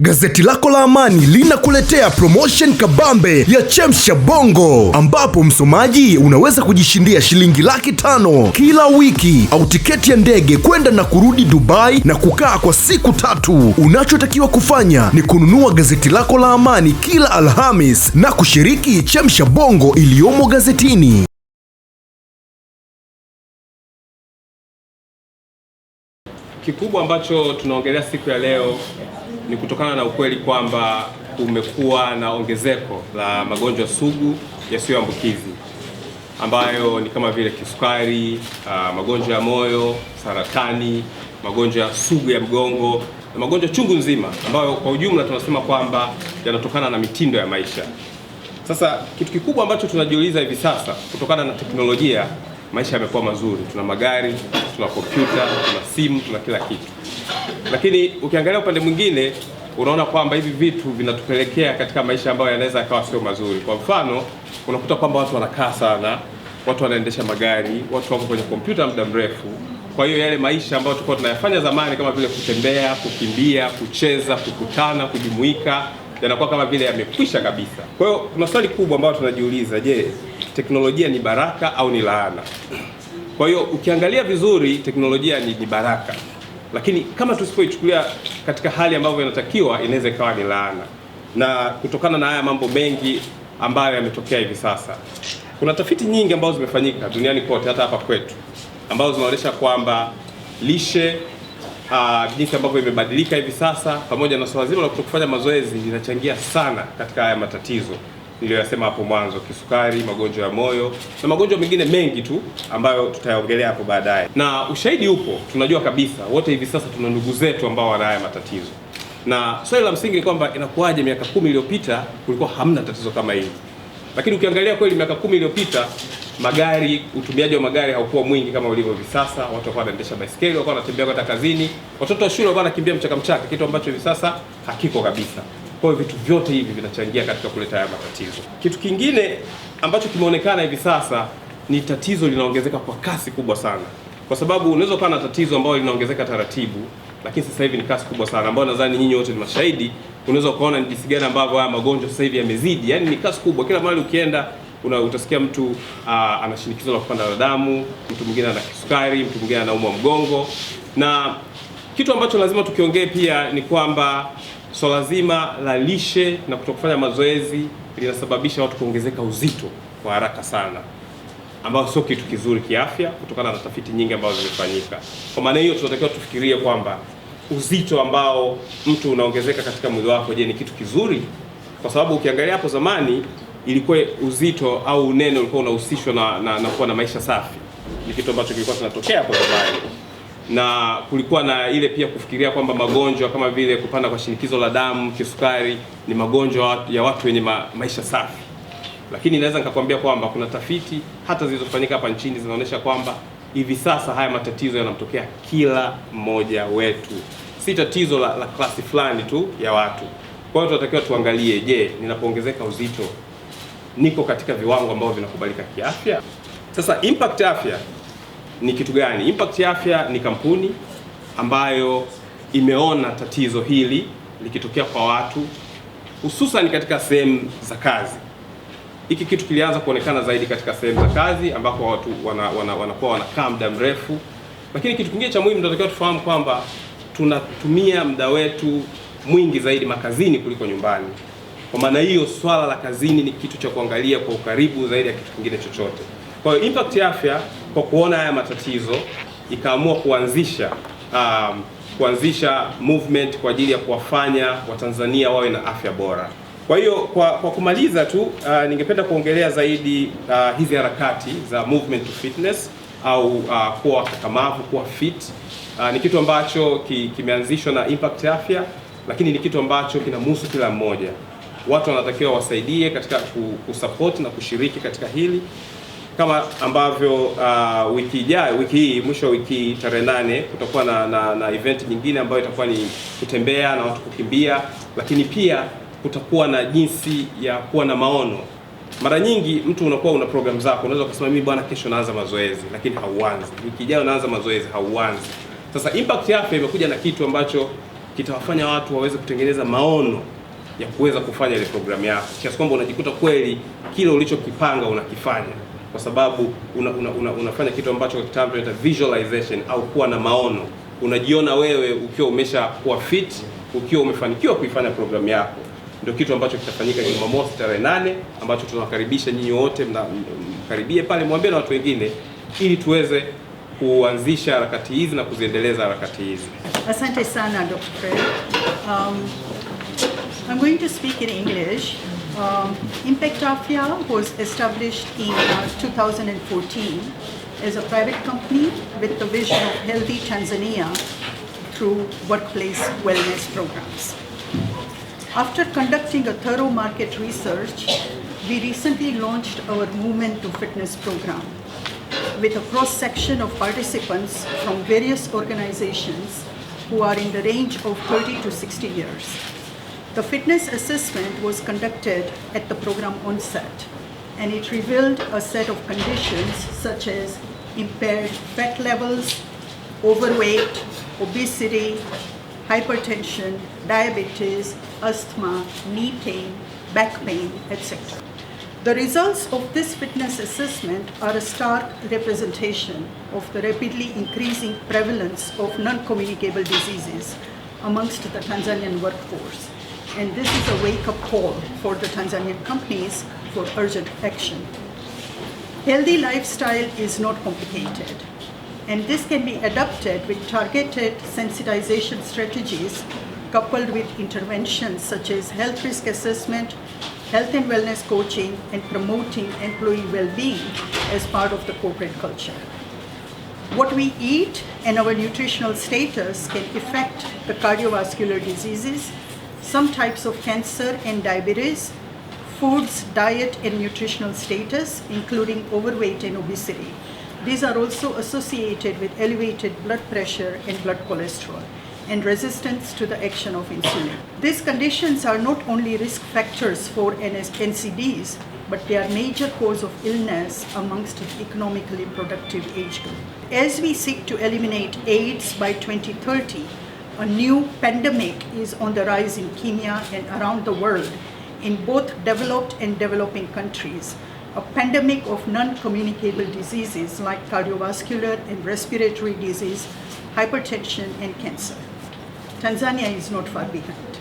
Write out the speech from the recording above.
Gazeti lako la Amani linakuletea promotion kabambe ya Chemsha Bongo, ambapo msomaji unaweza kujishindia shilingi laki tano kila wiki au tiketi ya ndege kwenda na kurudi Dubai na kukaa kwa siku tatu. Unachotakiwa kufanya ni kununua gazeti lako la Amani kila Alhamis na kushiriki Chemsha Bongo iliyomo gazetini. Kikubwa ambacho tunaongelea siku ya leo ni kutokana na ukweli kwamba kumekuwa na ongezeko la magonjwa sugu yasiyoambukizi ambayo ni kama vile kisukari, uh, magonjwa ya moyo, saratani, magonjwa sugu ya mgongo na magonjwa chungu nzima ambayo kwa ujumla tunasema kwamba yanatokana na mitindo ya maisha. Sasa kitu kikubwa ambacho tunajiuliza hivi sasa, kutokana na teknolojia, maisha yamekuwa mazuri, tuna magari, tuna kompyuta, tuna simu, tuna kila kitu. Lakini ukiangalia upande mwingine, unaona kwamba hivi vitu vinatupelekea katika maisha ambayo yanaweza yakawa sio mazuri. Kwa mfano, unakuta kwamba watu wanakaa sana, watu wanaendesha magari, watu wako kwenye kompyuta muda mrefu. Kwa hiyo yale maisha ambayo tulikuwa tunayafanya zamani kama vile kutembea, kukimbia, kucheza, kukutana, kujumuika yanakuwa kama vile yamekwisha kabisa. Kwa hiyo kuna swali kubwa ambalo tunajiuliza, je, teknolojia ni baraka au ni laana? Kwa hiyo ukiangalia vizuri teknolojia ni, ni baraka, lakini kama tusipoichukulia katika hali ambavyo inatakiwa inaweza ikawa ni laana, na kutokana na haya mambo mengi ambayo yametokea hivi sasa, kuna tafiti nyingi ambazo zimefanyika duniani kote, hata hapa kwetu, ambazo zinaonyesha kwamba lishe uh, jinsi ambavyo imebadilika hivi sasa, pamoja na swala zima la kutokufanya mazoezi linachangia sana katika haya matatizo niliyosema hapo mwanzo, kisukari, magonjwa ya moyo na magonjwa mengine mengi tu ambayo tutayaongelea hapo baadaye. Na ushahidi upo, tunajua kabisa wote hivi sasa tuna ndugu zetu ambao wana haya matatizo, na swali la msingi ni kwamba inakuwaje miaka kumi iliyopita kulikuwa hamna tatizo kama hili? Lakini ukiangalia kweli, miaka kumi iliyopita magari, utumiaji wa magari haukuwa mwingi kama ulivyo hivi sasa. Watu walikuwa wanaendesha baiskeli, walikuwa wanatembea kwenda kazini, watoto wa shule walikuwa wanakimbia mchaka, kitu ambacho hivi sasa hakiko kabisa. Kwa hiyo vitu vyote hivi vinachangia katika kuleta haya matatizo. Kitu kingine ambacho kimeonekana hivi sasa ni tatizo linaongezeka kwa kasi kubwa sana, kwa sababu unaweza ukawa na tatizo ambalo linaongezeka taratibu, lakini sasa hivi ni kasi kubwa sana, ambayo nadhani nyinyi wote ni mashahidi. Unaweza ukaona ni jinsi gani ambavyo haya magonjwa sasa hivi yamezidi, yaani ni kasi kubwa. Kila mahali ukienda una, utasikia mtu ana shinikizo la kupanda la damu, mtu mwingine ana kisukari, mtu mwingine anaumwa mgongo. Na kitu ambacho lazima tukiongee pia ni kwamba swala so zima la lishe na kutokufanya mazoezi linasababisha watu kuongezeka uzito kwa haraka sana, ambayo sio kitu kizuri kiafya, kutokana na tafiti nyingi ambazo zimefanyika. Kwa maana hiyo, tunatakiwa tufikirie kwamba uzito ambao mtu unaongezeka katika mwili wako, je, ni kitu kizuri? Kwa sababu ukiangalia hapo zamani ilikuwa uzito au unene ulikuwa unahusishwa na, na, na kuwa na maisha safi. Ni kitu ambacho kilikuwa kinatokea hapo zamani na kulikuwa na ile pia kufikiria kwamba magonjwa kama vile kupanda kwa shinikizo la damu, kisukari ni magonjwa ya watu wenye ma, maisha safi, lakini naweza nikakwambia kwamba kuna tafiti hata zilizofanyika hapa nchini zinaonyesha kwamba hivi sasa haya matatizo yanamtokea kila mmoja wetu, si tatizo la, la klasi fulani tu ya watu. Kwa hiyo tunatakiwa tuangalie, je, ninapoongezeka uzito niko katika viwango ambavyo vinakubalika kiafya? Sasa impact afya ni kitu gani? Impact ya Afya ni kampuni ambayo imeona tatizo hili likitokea kwa watu hususan katika sehemu za kazi. Hiki kitu kilianza kuonekana zaidi katika sehemu za kazi ambako watu wanakuwa wana, wana wanakaa muda mrefu, lakini kitu kingine cha muhimu tunatakiwa tufahamu kwamba tunatumia muda wetu mwingi zaidi makazini kuliko nyumbani. Kwa maana hiyo, swala la kazini ni kitu cha kuangalia kwa ukaribu zaidi ya kitu kingine chochote. Kwa hiyo impact ya afya kwa kuona haya matatizo ikaamua kuanzisha um, kuanzisha movement kwa ajili ya kuwafanya Watanzania wawe na afya bora. Kwa hiyo kwa, kwa kumaliza tu uh, ningependa kuongelea zaidi uh, hizi harakati za movement to fitness au uh, kuwa wakakamavu, kuwa fit uh, ni kitu ambacho ki, kimeanzishwa na Impact Afya, lakini ni kitu ambacho kinamhusu kila mmoja. Watu wanatakiwa wasaidie katika kusupport na kushiriki katika hili kama ambavyo uh, wiki ijayo, wiki hii, mwisho wa wiki tarehe nane kutakuwa na, na, na event nyingine ambayo itakuwa ni kutembea na watu kukimbia, lakini pia kutakuwa na jinsi ya kuwa na maono. Mara nyingi mtu unakuwa una program zako, unaweza kusema mimi bwana, kesho naanza mazoezi, lakini hauanzi. Wiki ijayo naanza mazoezi, hauanzi. Sasa Impact Yafe imekuja na kitu ambacho kitawafanya watu waweze kutengeneza maono ya kuweza kufanya ile programu yako kiasi kwamba unajikuta kweli kile ulichokipanga unakifanya kwa sababu una, una, una, unafanya kitu ambacho kwa kitambo tunaita visualization au kuwa na maono. Unajiona wewe ukiwa umesha kuwa fit, ukiwa umefanikiwa kuifanya programu yako. Ndio kitu ambacho kitafanyika Jumamosi tarehe nane ambacho tunawakaribisha nyinyi wote mkaribie pale, mwambie na watu wengine, ili tuweze kuanzisha harakati hizi na kuziendeleza harakati hizi. Asante sana Dr. Fred. Um, I'm going to speak in English. Uh, Impact Africa was established in uh, 2014 as a private company with the vision of healthy Tanzania through workplace wellness programs. After conducting a thorough market research, we recently launched our Movement to Fitness program with a cross-section of participants from various organizations who are in the range of 30 to 60 years. The fitness assessment was conducted at the program onset and it revealed a set of conditions such as impaired fat levels, overweight, obesity, hypertension, diabetes, asthma, knee pain, back pain, etc. The results of this fitness assessment are a stark representation of the rapidly increasing prevalence of non-communicable diseases amongst the Tanzanian workforce. And this is a wake-up call for the Tanzanian companies for urgent action. Healthy lifestyle is not complicated, and this can be adapted with targeted sensitization strategies coupled with interventions such as health risk assessment, health and wellness coaching, and promoting employee well-being as part of the corporate culture. What we eat and our nutritional status can affect the cardiovascular diseases some types of cancer and diabetes, foods, diet and nutritional status, including overweight and obesity. These are also associated with elevated blood pressure and blood cholesterol and resistance to the action of insulin. These conditions are not only risk factors for NCDs, but they are major cause of illness amongst the economically productive age group. As we seek to eliminate AIDS by 2030, a new pandemic is on the rise in Kenya and around the world, in both developed and developing countries. A pandemic of non communicable diseases like cardiovascular and respiratory disease, hypertension, and cancer. Tanzania is not far behind.